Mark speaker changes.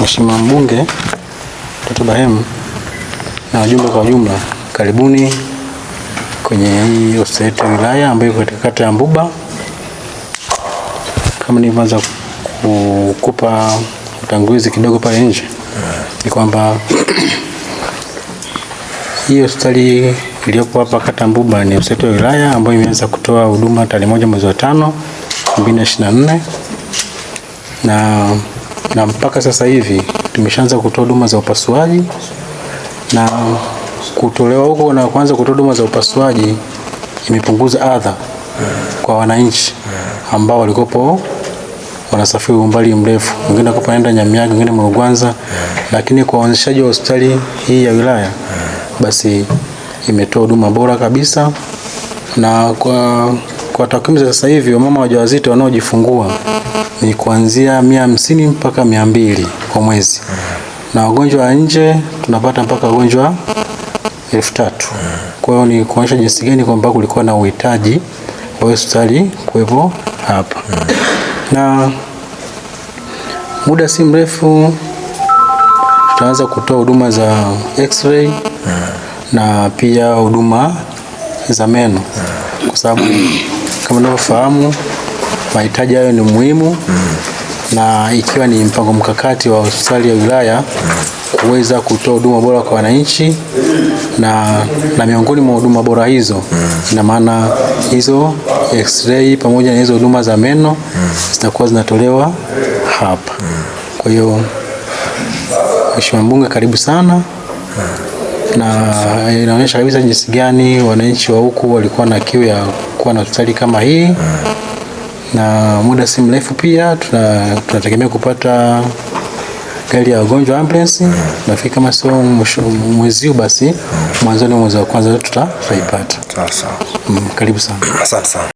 Speaker 1: Mheshimiwa Mbunge Doto Bahemu na wajumbe kwa ujumla, karibuni kwenye hii ofisi yetu ya wilaya ambayo iko katika kata ya Mbuba. Kama nilivyoanza kukupa utangulizi kidogo pale nje, ni kwamba hii hospitali iliyopo hapa kata Mbuba ni hospitali ya wilaya ambayo imeanza kutoa huduma tarehe moja mwezi wa tano 2024 na na mpaka sasa hivi tumeshaanza kutoa huduma za upasuaji na kutolewa huko na kuanza kutoa huduma za upasuaji imepunguza adha kwa wananchi ambao walikopo wanasafiri umbali mrefu, wengine wako panaenda Nyamiaga, wengine Murugwanza. Lakini kwa uanzishaji wa hospitali hii ya wilaya, basi imetoa huduma bora kabisa, na kwa, kwa takwimu za sasa hivi wamama wajawazito wanaojifungua ni kuanzia mia hamsini mpaka mia mbili kwa mwezi mm. na wagonjwa wa nje tunapata mpaka wagonjwa elfu tatu mm. kwa hiyo ni kuonyesha jinsi gani kwamba kulikuwa na uhitaji wa hospitali kuwepo hapa mm. na muda si mrefu tutaanza kutoa huduma za x-ray mm. na pia huduma za meno mm. kwa sababu kama unavyofahamu Mahitaji hayo ni muhimu mm. na ikiwa ni mpango mkakati wa hospitali ya wilaya mm. kuweza kutoa huduma bora kwa wananchi na, na miongoni mwa huduma bora hizo mm. ina maana hizo x-ray pamoja na hizo huduma za meno mm. zitakuwa zinatolewa hapa mm. kwa hiyo Mheshimiwa Mbunge, karibu sana mm. na inaonyesha kabisa jinsi gani wananchi wa huku walikuwa na kiu ya kuwa na hospitali kama hii mm na muda si mrefu pia tunategemea kupata gari ya wagonjwa ambulance. Hmm. Nafikiri kama sio mwezi huu, basi hmm. mwanzoni mwezi wa kwanza tutaipata. Mm, karibu sana, asante sana.